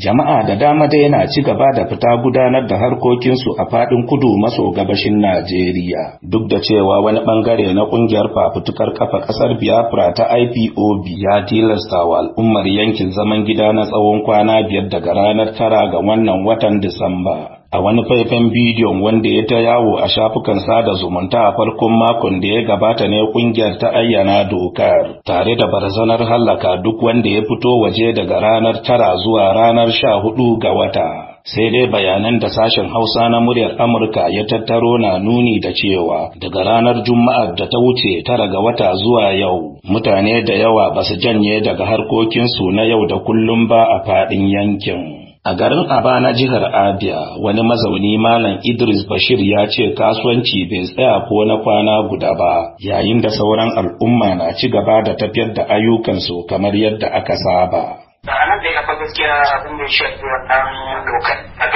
jama'a da dama dai na ci gaba da fita gudanar da harkokinsu a fadin kudu maso gabashin Najeriya duk da cewa wani bangare na kungiyar fafutukar kafa kasar Biafra ta IPOB ya tilasta wa al'ummar yankin zaman gida na tsawon kwana biyar daga ranar tara ga wannan watan Disamba a wani faifan bidiyon wanda ya ta yawo a shafukan sada zumunta a farkon makon da ya gabata ne kungiyar ta ayyana dokar tare da barazanar hallaka duk wanda ya fito waje daga ranar tara zuwa ranar sha hudu ga wata sai dai bayanan da sashen hausa na muryar amurka ya tattaro na nuni da cewa daga ranar juma'a da ta wuce tara ga wata zuwa yau mutane da yawa ba su janye daga harkokinsu na yau da kullum ba a faɗin yankin A garin Abana jihar Abia wani mazauni Malam Idris Bashir ya ce kasuwanci bai tsaya ko na kwana guda ba yayin da sauran al'umma na ci gaba da tafiyar da ayyukansu kamar yadda aka saba. a nan dai akwai gaskiya abin da wannan dokar da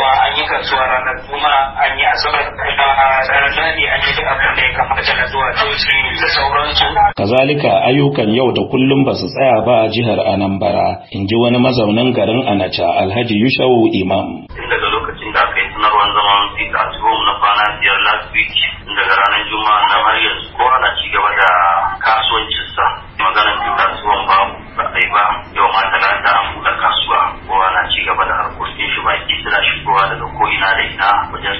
sun wannan kuma an yi kasuwa ranar kuma an yi asabar kazalika ayyukan yau da kullum ba su tsaya ba a jihar anambara in ji wani mazaunin garin anacha alhaji yushau imam daga lokacin da aka yi sanarwar zaman fita a na kwana biyar last week daga ranar juma'a na har yanzu ko ana ci gaba da kasuwancinsa maganar fita tsohon ba ba a yi ba yau ma talata an buɗe kasuwa ko ana ci gaba da harkokin shi baki suna shigowa daga ko ina da ina wajen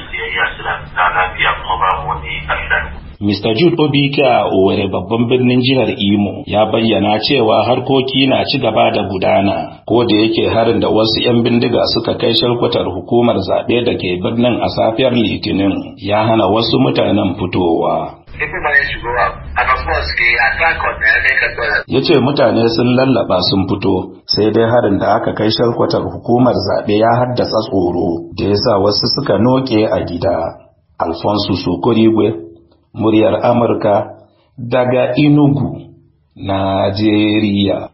Mr. Jude Obike a Owerri babban birnin jihar Imo ya bayyana cewa harkoki na ci gaba da gudana ko da yake harin da wasu 'yan bindiga suka kai shalkwatar hukumar zaɓe da ke birnin a safiyar Litinin ya hana wasu mutanen fitowa. Ya ce mutane sun lallaba sun fito sai dai harin da aka kai shalkwatar hukumar zaɓe ya haddasa tsoro da ya sa wasu suka noke a gida. Alfonso Sokorigwe muryar Amurka daga inugu Najeriya.